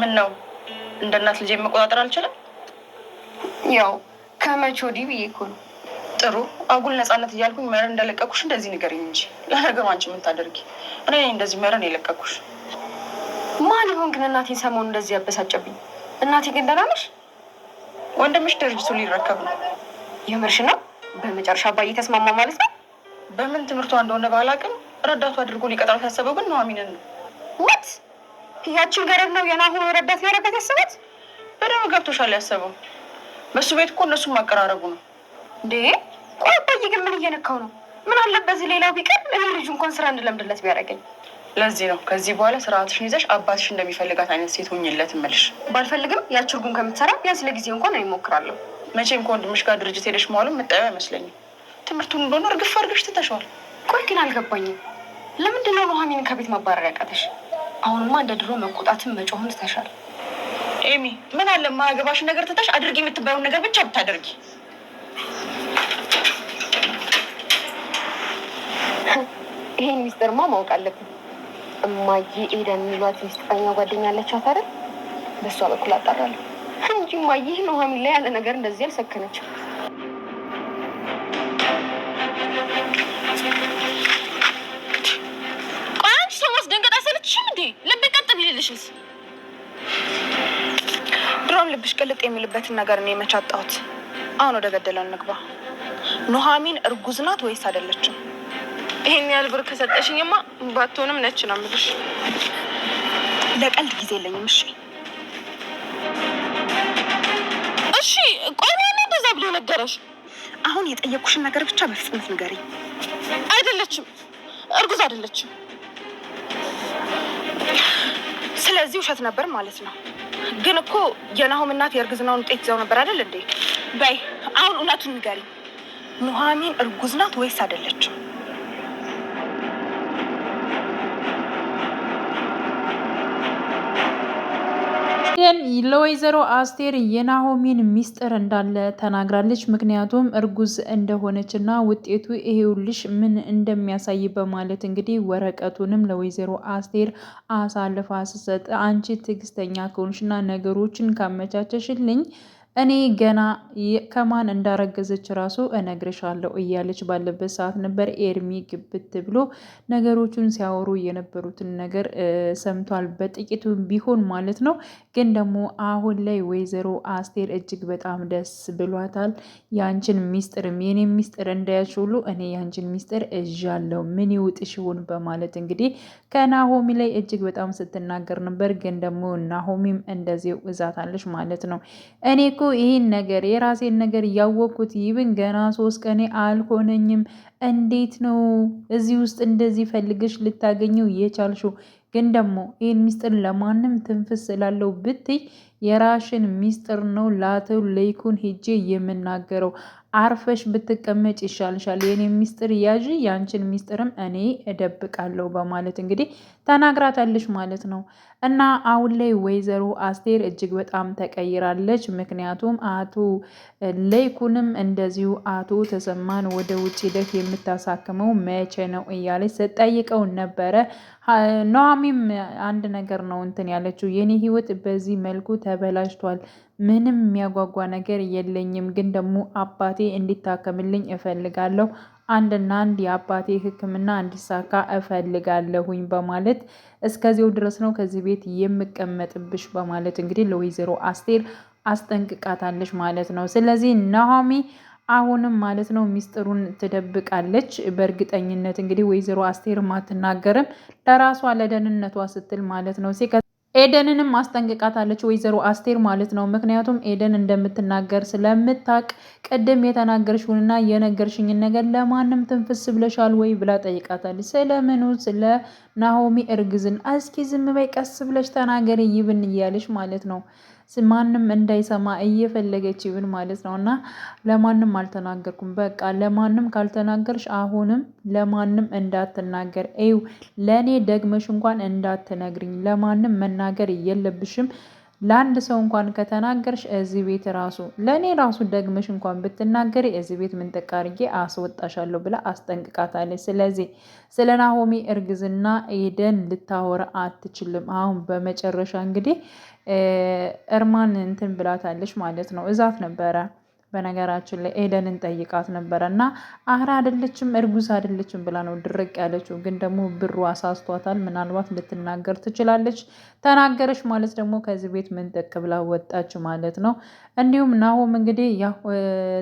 ምነው እንደ እናት ልጄ መቆጣጠር አልችልም? ያው ከመቼ ወዲህ ብዬ እኮ ነው። ጥሩ አጉል ነፃነት እያልኩኝ መረን እንደለቀኩሽ እንደዚህ ንገሪኝ እንጂ ለነገሩ አንቺ የምታደርጊ እኔ እንደዚህ መረን የለቀኩሽ ማን ይሆን ግን? እናቴን ሰሞኑን እንደዚህ ያበሳጨብኝ። እናቴ ግን ደህና ነሽ? ወንድምሽ ድርጅቱ ሊረከብ ነው። የምርሽ ነው? በመጨረሻ አባዬ ተስማማ ማለት ነው። በምን ትምህርቷ እንደሆነ ባላቅም ረዳቱ አድርጎ ሊቀጥራት ያሰበው ግን ኑሐሚንን ነው። ያችን ገረድ ነው የናሆን ረዳት ሊያረጋት ያሰበት። በደንብ ገብቶሻል። ያሰበው በሱ ቤት እኮ እነሱን ማቀራረቡ ነው እንዴ። ቆይ አባዬ ግን ምን እየነካው ነው? ምን አለበት በዚህ ሌላው ቢቀር እኔ ልጁ እንኳን ስራ እንድለምድለት ቢያደርገኝ። ለዚህ ነው ከዚህ በኋላ ስርዓትሽን ይዘሽ አባትሽ እንደሚፈልጋት አይነት ሴት ሁኝለት እምልሽ። ባልፈልግም ያች እርጉም ከምትሰራ ቢያንስ ለጊዜ እንኳን እሞክራለሁ። መቼም ከወንድምሽ ጋር ድርጅት ሄደሽ መዋሉ የምታየው አይመስለኝም። ትምህርቱን እንደሆነ እርግፍ አድርገሽ ትተሸዋል። ቆይ ግን አልገባኝም። ለምንድነው ነው ከቤት ማባረር ያቃተሽ? አሁንማ እንደ ድሮ መቆጣትም መጮህም ትተሻል። ኤሚ ምን አለ ማያገባሽን ነገር ትተሽ አድርጊ የምትባየውን ነገር ብቻ ብታደርጊ። ይሄን ሚስጥርማ ማወቅ አለብን። እማዬ ኤደን የሚሏት ሚስጥረኛ ጓደኛ አለቻት አይደል? በእሷ በኩል አጣራለሁ እንጂ እማዬ ኑሐሚን ላይ ያለ ነገር እንደዚህ አልሰከነችም። ልብ ቀጥ ቢልልሽስ? ድሮም ልብሽ ቅልጥ የሚልበትን ነገር ነው የመቻጣሁት። አሁን ወደ ገደለው እንግባ። ኑሐሚን እርጉዝ ናት ወይስ አይደለችም? ይሄን ያህል ብር ከሰጠሽኝማ ባትሆንም ነች ነው የምልሽ። ለቀልድ ጊዜ የለኝም። እሺ እሺ፣ ቆይ በዛ ብሎ ነገረሽ? አሁን የጠየቅኩሽን ነገር ብቻ በፍጥነት ንገሪኝ። አይደለችም፣ እርጉዝ አይደለችም። ስለዚህ ውሸት ነበር ማለት ነው። ግን እኮ የናሆም እናት የእርግዝናውን ውጤት ይዘው ነበር አይደል እንዴ? በይ አሁን እውነቱን ንገሪኝ። ኑሐሚን እርጉዝ ናት ወይስ አይደለችም? ለወይዘሮ አስቴር የናሆሚን ሚስጥር እንዳለ ተናግራለች። ምክንያቱም እርጉዝ እንደሆነች እና ውጤቱ ይሄውልሽ ምን እንደሚያሳይ በማለት እንግዲህ ወረቀቱንም ለወይዘሮ አስቴር አሳልፋ ስሰጥ አንቺ ትዕግስተኛ ከሆንሽና ነገሮችን ካመቻቸሽልኝ እኔ ገና ከማን እንዳረገዘች ራሱ እነግርሻለሁ እያለች ባለበት ሰዓት ነበር ኤርሚ ግብት ብሎ ነገሮቹን ሲያወሩ የነበሩትን ነገር ሰምቷል። በጥቂቱ ቢሆን ማለት ነው። ግን ደግሞ አሁን ላይ ወይዘሮ አስቴር እጅግ በጣም ደስ ብሏታል። ያንችን ሚስጥርም የኔ ሚስጥር እንዳያች ሁሉ እኔ ያንችን ሚስጥር እዣለሁ ምን ይውጥሽ ይሆን በማለት እንግዲህ ከናሆሚ ላይ እጅግ በጣም ስትናገር ነበር። ግን ደግሞ ናሆሚም እንደዚው እዛታለች ማለት ነው እኔ እኮ ይህን ነገር የራሴን ነገር እያወቅኩት ይብን ገና ሶስት ቀኔ አልሆነኝም። እንዴት ነው እዚህ ውስጥ እንደዚህ ፈልግሽ ልታገኘው የቻልሽው? ግን ደግሞ ይህን ሚስጥር ለማንም ትንፍስ ስላለው ብትይ የራሽን ሚስጥር ነው ላተው ለይኩን ሄጄ የምናገረው። አርፈሽ ብትቀመጭ ይሻልሻል። የኔ ሚስጥር ያዥ፣ ያንቺን ሚስጥርም እኔ እደብቃለሁ በማለት እንግዲህ ተናግራታለች ማለት ነው። እና አሁን ላይ ወይዘሮ አስቴር እጅግ በጣም ተቀይራለች። ምክንያቱም አቶ ለይኩንም እንደዚሁ አቶ ተሰማን ወደ ውጭ ደክ የምታሳክመው መቼ ነው እያለች ስጠይቀው ነበረ። ነዋሚም አንድ ነገር ነው እንትን ያለችው የኔ ህይወት በዚህ መልኩ ተበላሽቷል። ምንም የሚያጓጓ ነገር የለኝም፣ ግን ደግሞ አባቴ እንዲታከምልኝ እፈልጋለሁ። አንድና አንድ የአባቴ ሕክምና እንዲሳካ እፈልጋለሁኝ በማለት እስከዚው ድረስ ነው ከዚህ ቤት የምቀመጥብሽ በማለት እንግዲህ ለወይዘሮ አስቴር አስጠንቅቃታለች ማለት ነው። ስለዚህ ናሆሚ አሁንም ማለት ነው ሚስጥሩን ትደብቃለች። በእርግጠኝነት እንግዲህ ወይዘሮ አስቴር አትናገርም ለራሷ ለደህንነቷ ስትል ማለት ነው። ኤደንንም ማስጠንቀቃታለች ወይዘሮ አስቴር ማለት ነው። ምክንያቱም ኤደን እንደምትናገር ስለምታቅ ቅድም የተናገርሽውንና የነገርሽኝን ነገር ለማንም ትንፍስ ብለሻል ወይ ብላ ጠይቃታለች። ስለምኑ ስለ ናሆሚ እርግዝን፣ እስኪ ዝም በይ ቀስ ብለሽ ተናገሪ ይብን እያለች ማለት ነው ማንም እንዳይሰማ እየፈለገች ይሁን ማለት ነው። እና ለማንም አልተናገርኩም በቃ ለማንም ካልተናገርሽ አሁንም ለማንም እንዳትናገር ይው ለእኔ ደግመሽ እንኳን እንዳትነግርኝ ለማንም መናገር የለብሽም። ለአንድ ሰው እንኳን ከተናገርሽ እዚህ ቤት ራሱ ለእኔ ራሱ ደግመሽ እንኳን ብትናገሪ እዚህ ቤት ምንጠቃርጌ አድርጌ አስወጣሻለሁ ብላ አስጠንቅቃታለች። ስለዚህ ስለ ናሆሚ እርግዝና ኤደን ልታወራ አትችልም። አሁን በመጨረሻ እንግዲህ እርማን እንትን ብላታለች ማለት ነው እዛት ነበረ በነገራችን ላይ ኤደንን ጠይቃት ነበረ እና አህራ አይደለችም እርጉዝ አይደለችም ብላ ነው ድርቅ ያለችው። ግን ደግሞ ብሩ አሳስቷታል። ምናልባት ልትናገር ትችላለች። ተናገረች ማለት ደግሞ ከዚህ ቤት ምንጠቅ ብላ ወጣች ማለት ነው። እንዲሁም ናሆም እንግዲህ ያው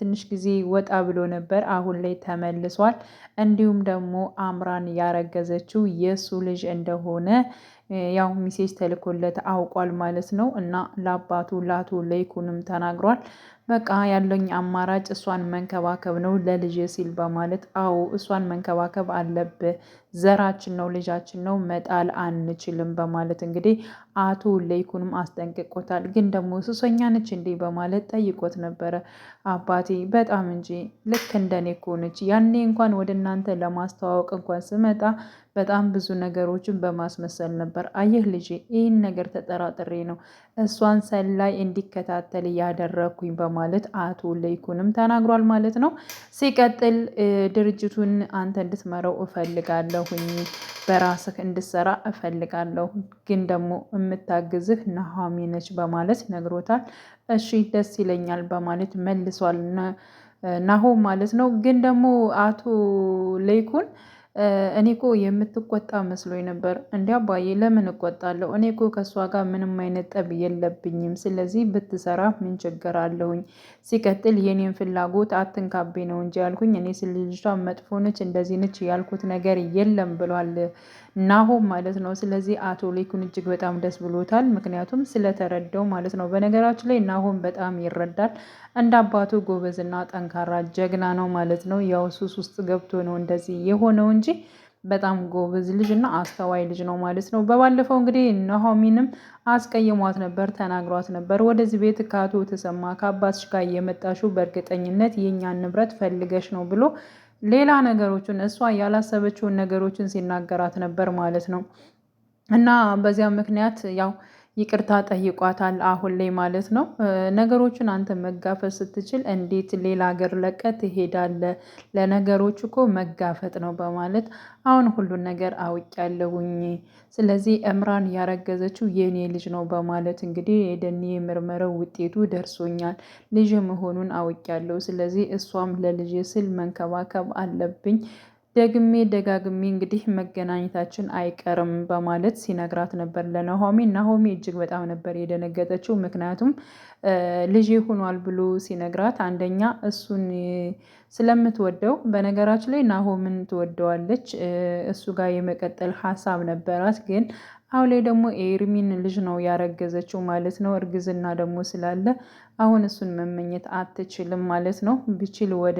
ትንሽ ጊዜ ወጣ ብሎ ነበር፣ አሁን ላይ ተመልሷል። እንዲሁም ደግሞ አምራን ያረገዘችው የእሱ ልጅ እንደሆነ ያው ሚሴጅ ተልኮለት አውቋል ማለት ነው እና ለአባቱ ለአቶ ለይኩንም ተናግሯል። በቃ ያለኝ አማራጭ እሷን መንከባከብ ነው ለልጅ ሲል በማለት አዎ እሷን መንከባከብ አለብህ፣ ዘራችን ነው ልጃችን ነው መጣል አንችልም በማለት እንግዲህ አቶ ለይኩንም አስጠንቅቆታል። ግን ደግሞ ሱሰኛ ነች እንዴ በማለት ጠይቆት ነበረ። አባቴ በጣም እንጂ ልክ እንደኔ እኮ ነች። ያኔ እንኳን ወደ እናንተ ለማስተዋወቅ እንኳን ስመጣ በጣም ብዙ ነገሮችን በማስመሰል ነበር። አየህ ልጄ ይህን ነገር ተጠራጥሬ ነው እሷን ሰላይ እንዲከታተል እያደረግኩኝ በማለት አቶ ለይኩንም ተናግሯል ማለት ነው። ሲቀጥል ድርጅቱን አንተ እንድትመራው እፈልጋለሁኝ፣ በራስህ እንድትሰራ እፈልጋለሁ፣ ግን ደግሞ የምታግዝህ ናሆሚ ነች በማለት ነግሮታል። እሺ ደስ ይለኛል በማለት መልሷል ናሆም ማለት ነው። ግን ደግሞ አቶ ለይኩን እኔ የምትቆጣ መስሎኝ ነበር። እንዲ አባዬ ለምን እቆጣለሁ? እኔ እኮ ከእሷ ጋር ምንም አይነት ጠብ የለብኝም። ስለዚህ ብትሰራ ምን ችግር አለሁኝ? ሲቀጥል የኔን ፍላጎት አትንካቤ ነው እንጂ ያልኩኝ እኔ ስለ ልጅቷ መጥፎ ነች እንደዚህ ነች ያልኩት ነገር የለም ብሏል ናሆም ማለት ነው። ስለዚህ አቶ ሌኩን እጅግ በጣም ደስ ብሎታል፣ ምክንያቱም ስለተረዳው ማለት ነው። በነገራችን ላይ ናሆም በጣም ይረዳል። እንደ አባቱ ጎበዝና ጠንካራ ጀግና ነው ማለት ነው። ያው ሱስ ውስጥ ገብቶ ነው እንደዚህ የሆነው እንጂ በጣም ጎበዝ ልጅ እና አስተዋይ ልጅ ነው ማለት ነው። በባለፈው እንግዲህ ናሆሚንም አስቀይሟት ነበር፣ ተናግሯት ነበር። ወደዚህ ቤት ከአቶ ተሰማ ከአባትሽ ጋር የመጣሽው በእርግጠኝነት የእኛን ንብረት ፈልገሽ ነው ብሎ ሌላ ነገሮችን እሷ ያላሰበችውን ነገሮችን ሲናገራት ነበር ማለት ነው እና በዚያ ምክንያት ያው ይቅርታ ጠይቋታል። አሁን ላይ ማለት ነው ነገሮችን አንተ መጋፈጥ ስትችል እንዴት ሌላ ሀገር ለቀ ትሄዳለ? ለነገሮች እኮ መጋፈጥ ነው በማለት አሁን ሁሉን ነገር አውቄያለሁኝ። ስለዚህ እምራን ያረገዘችው የኔ ልጅ ነው በማለት እንግዲህ የደን የምርመረው ውጤቱ ደርሶኛል፣ ልጅ መሆኑን አውቄያለሁ። ስለዚህ እሷም ለልጅ ስል መንከባከብ አለብኝ ደግሜ ደጋግሜ እንግዲህ መገናኘታችን አይቀርም በማለት ሲነግራት ነበር ለናሆሚ። ናሆሚ እጅግ በጣም ነበር የደነገጠችው። ምክንያቱም ልጄ ሆኗል ብሎ ሲነግራት አንደኛ እሱን ስለምትወደው በነገራችን ላይ ናሆምን ትወደዋለች። እሱ ጋር የመቀጠል ሀሳብ ነበራት ግን አሁን ላይ ደግሞ ኤርሚን ልጅ ነው ያረገዘችው ማለት ነው። እርግዝና ደግሞ ስላለ አሁን እሱን መመኘት አትችልም ማለት ነው። ብችል ወደ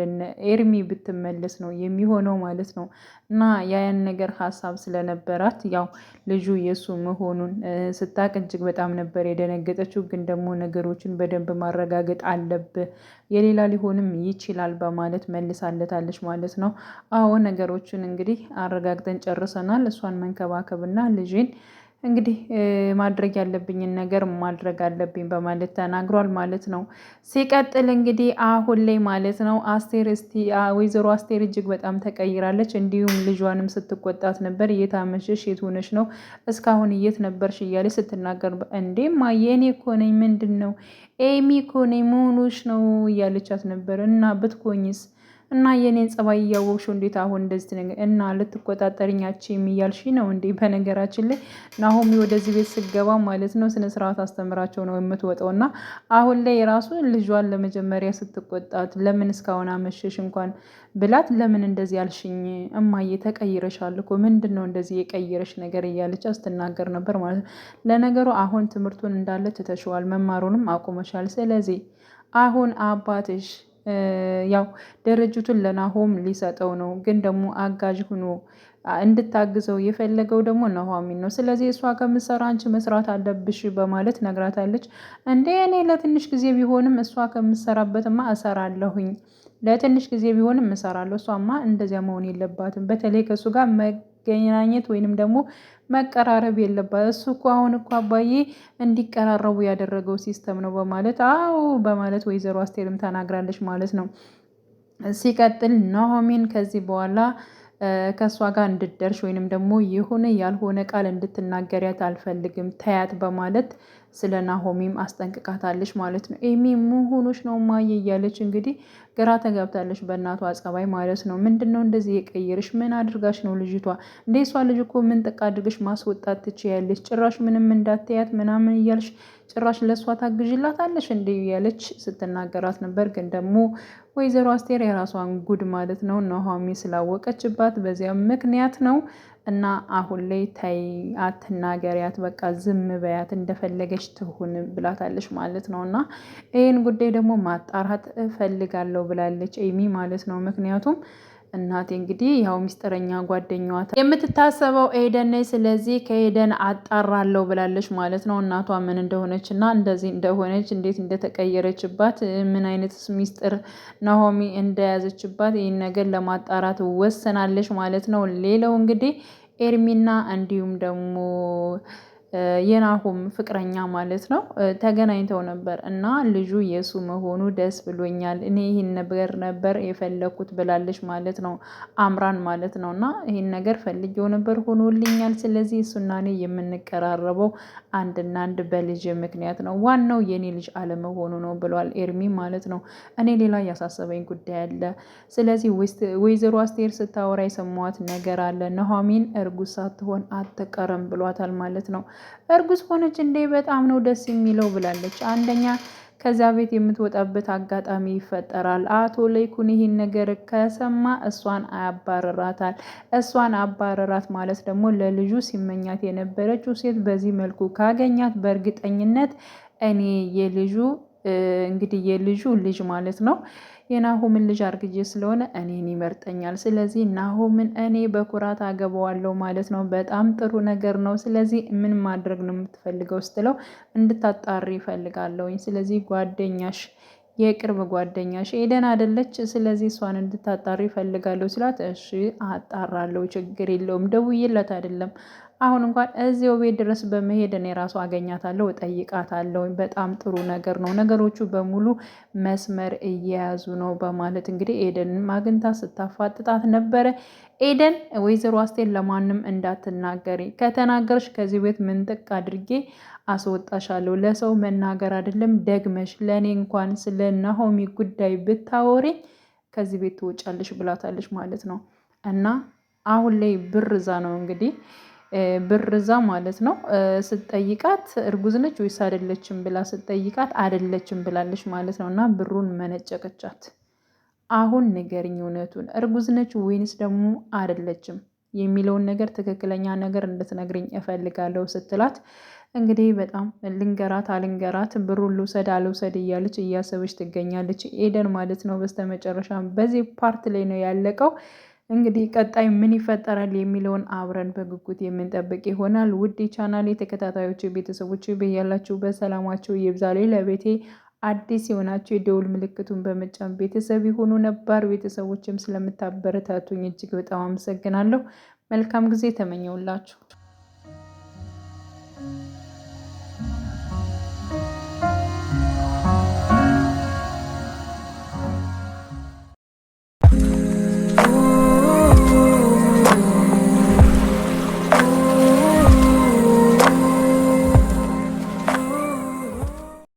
ኤርሚ ብትመለስ ነው የሚሆነው ማለት ነው። እና ያን ነገር ሀሳብ ስለነበራት ያው ልጁ የእሱ መሆኑን ስታቅ እጅግ በጣም ነበር የደነገጠችው። ግን ደግሞ ነገሮችን በደንብ ማረጋገጥ አለብህ፣ የሌላ ሊሆንም ይችላል በማለት መልሳለታለች ማለት ነው። አዎ ነገሮችን እንግዲህ አረጋግጠን ጨርሰናል። እሷን መንከባከብና ልጅን እንግዲህ ማድረግ ያለብኝን ነገር ማድረግ አለብኝ በማለት ተናግሯል ማለት ነው። ሲቀጥል እንግዲህ አሁን ላይ ማለት ነው አስቴር እስቲ ወይዘሮ አስቴር እጅግ በጣም ተቀይራለች። እንዲሁም ልጇንም ስትቆጣት ነበር። የት አመሸሽ? የት ሆነሽ ነው? እስካሁን እየት ነበርሽ? እያለች ስትናገር እንዴ ማ የእኔ እኮ ነኝ ምንድን ነው ኤሚ እኮ ነኝ መሆንሽ ነው እያለቻት ነበር እና ብትኮኝስ እና የኔን ጸባይ እያወቅሽው እንዴት አሁን እንደዚህ ትነ እና ልትቆጣጠርኛች የሚያልሽ ነው እንዴ? በነገራችን ላይ ናሆሚ ወደዚህ ቤት ስገባ ማለት ነው ስነ ስርዓት አስተምራቸው ነው የምትወጣው። እና አሁን ላይ ራሱ ልጇን ለመጀመሪያ ስትቆጣት ለምን እስካሁን አመሸሽ እንኳን ብላት ለምን እንደዚህ ያልሽኝ እማዬ ተቀይረሻል እኮ ምንድን ነው እንደዚህ የቀይረሽ ነገር እያለች ስትናገር ነበር ማለት ነው። ለነገሩ አሁን ትምህርቱን እንዳለ ትተሽዋል፣ መማሩንም አቁመሻል። ስለዚህ አሁን አባትሽ ያው ድርጅቱን ለናሆም ሊሰጠው ነው። ግን ደግሞ አጋዥ ሆኖ እንድታግዘው የፈለገው ደግሞ ኑሃሚን ነው። ስለዚህ እሷ ከምትሰራ አንቺ መስራት አለብሽ በማለት ነግራታለች። እንዴ እኔ ለትንሽ ጊዜ ቢሆንም እሷ ከምትሰራበትማ እሰራለሁኝ ለትንሽ ጊዜ ቢሆንም እሰራለሁ። እሷማ እንደዚያ መሆን የለባትም። በተለይ ከእሱ ጋር መገናኘት ወይንም ደግሞ መቀራረብ የለባት። እሱ እኮ አሁን እኮ አባዬ እንዲቀራረቡ ያደረገው ሲስተም ነው በማለት አዎ በማለት ወይዘሮ አስቴርም ተናግራለች ማለት ነው። ሲቀጥል ናሆሚን ከዚህ በኋላ ከእሷ ጋር እንድደርሽ ወይንም ደግሞ የሆነ ያልሆነ ቃል እንድትናገሪያት አልፈልግም ተያት በማለት ስለ ናሆሚም አስጠንቅቃታለች ማለት ነው። ኤሚ መሆኖች ነው ማየ እያለች እንግዲህ ግራ ተገብታለች በእናቷ ጸባይ ማለት ነው። ምንድን ነው እንደዚህ የቀየርሽ? ምን አድርጋሽ ነው ልጅቷ? እንደ እሷ ልጅ እኮ ምን ጥቃ አድርገሽ ማስወጣት ትችያለሽ? ጭራሽ ምንም እንዳትያት ምናምን እያልሽ ጭራሽ ለእሷ ታግዥላታለሽ እንደ እያለች ስትናገራት ነበር። ግን ደግሞ ወይዘሮ አስቴር የራሷን ጉድ ማለት ነው ናሆሚ ስላወቀችባት በዚያም ምክንያት ነው እና አሁን ላይ ተይ አትናገሪያት፣ በቃ ዝም በያት እንደፈለገች ትሁን ብላታለች ማለት ነው። እና ይህን ጉዳይ ደግሞ ማጣራት እፈልጋለሁ ብላለች ኤሚ ማለት ነው። ምክንያቱም እናቴ እንግዲህ ያው ሚስጥረኛ ጓደኛዋ የምትታሰበው ኤደን ነች። ስለዚህ ከኤደን አጣራለሁ ብላለች ማለት ነው። እናቷ ምን እንደሆነች እና እንደዚህ እንደሆነች እንዴት እንደተቀየረችባት ምን አይነት ሚስጥር ናሆሚ እንደያዘችባት ይህን ነገር ለማጣራት ወስናለች ማለት ነው። ሌላው እንግዲህ ኤርሚና እንዲሁም ደግሞ የናሁም ፍቅረኛ ማለት ነው ተገናኝተው ነበር እና ልጁ የሱ መሆኑ ደስ ብሎኛል፣ እኔ ይህን ነገር ነበር የፈለኩት ብላለች ማለት ነው አምራን ማለት ነው። እና ይህን ነገር ፈልጌው ነበር ሆኖልኛል። ስለዚህ እሱና እኔ የምንቀራረበው አንድና አንድ በልጅ ምክንያት ነው፣ ዋናው የእኔ ልጅ አለመሆኑ ነው ብሏል ኤርሚ ማለት ነው። እኔ ሌላ ያሳሰበኝ ጉዳይ አለ። ስለዚህ ወይዘሮ አስቴር ስታወራ የሰማዋት ነገር አለ። ኑሐሚን እርጉዝ ሳትሆን አትቀርም ብሏታል ማለት ነው። እርጉዝ ሆነች እንዴ? በጣም ነው ደስ የሚለው ብላለች። አንደኛ ከዛ ቤት የምትወጣበት አጋጣሚ ይፈጠራል። አቶ ለይኩን ይህን ነገር ከሰማ እሷን አያባረራታል። እሷን አባረራት ማለት ደግሞ ለልጁ ሲመኛት የነበረችው ሴት በዚህ መልኩ ካገኛት በእርግጠኝነት እኔ የልጁ እንግዲህ የልጁ ልጅ ማለት ነው የናሆምን ልጅ አርግጄ ስለሆነ እኔን ይመርጠኛል። ስለዚህ ናሆምን እኔ በኩራት አገባዋለሁ ማለት ነው። በጣም ጥሩ ነገር ነው። ስለዚህ ምን ማድረግ ነው የምትፈልገው ስትለው እንድታጣሪ ይፈልጋለሁኝ። ስለዚህ ጓደኛሽ የቅርብ ጓደኛሽ ኤደን አደለች? ስለዚህ እሷን እንድታጣሪ ይፈልጋለሁ ሲላት፣ እሺ አጣራለሁ፣ ችግር የለውም ደውዬላት አይደለም አሁን እንኳን እዚው ቤት ድረስ በመሄድ እኔ ራሱ አገኛታለሁ፣ እጠይቃታለሁ። በጣም ጥሩ ነገር ነው። ነገሮቹ በሙሉ መስመር እየያዙ ነው በማለት እንግዲህ ኤደንን ማግኝታ ስታፋጥጣት ነበረ። ኤደን ወይዘሮ አስቴን ለማንም እንዳትናገሪ፣ ከተናገርሽ ከዚህ ቤት ምንጥቅ አድርጌ አስወጣሻለሁ። ለሰው መናገር አይደለም ደግመሽ ለእኔ እንኳን ስለ ናሆሚ ጉዳይ ብታወሪ ከዚህ ቤት ትወጫለሽ ብላታለች ማለት ነው። እና አሁን ላይ ብር እዛ ነው እንግዲህ ብርዛ ማለት ነው ስትጠይቃት እርጉዝ ነች ወይስ አይደለችም ብላ ስትጠይቃት አይደለችም ብላለች ማለት ነው። እና ብሩን መነጨቀቻት። አሁን ንገርኝ እውነቱን እርጉዝ ነች ወይንስ ደግሞ አይደለችም የሚለውን ነገር ትክክለኛ ነገር እንድትነግርኝ እፈልጋለሁ ስትላት እንግዲህ በጣም ልንገራት አልንገራት ብሩን ልውሰድ አልውሰድ እያለች እያሰበች ትገኛለች ኤደን ማለት ነው። በስተመጨረሻ በዚህ ፓርት ላይ ነው ያለቀው። እንግዲህ ቀጣይ ምን ይፈጠራል የሚለውን አብረን በጉጉት የምንጠብቅ ይሆናል። ውድ ቻናል የተከታታዮች ቤተሰቦች በያላችሁበት በሰላማቸው ይብዛሌ። ለቤቴ አዲስ የሆናቸው የደውል ምልክቱን በመጫን ቤተሰብ የሆኑ ነባር ቤተሰቦችም ስለምታበረታቱኝ እጅግ በጣም አመሰግናለሁ። መልካም ጊዜ ተመኘውላችሁ።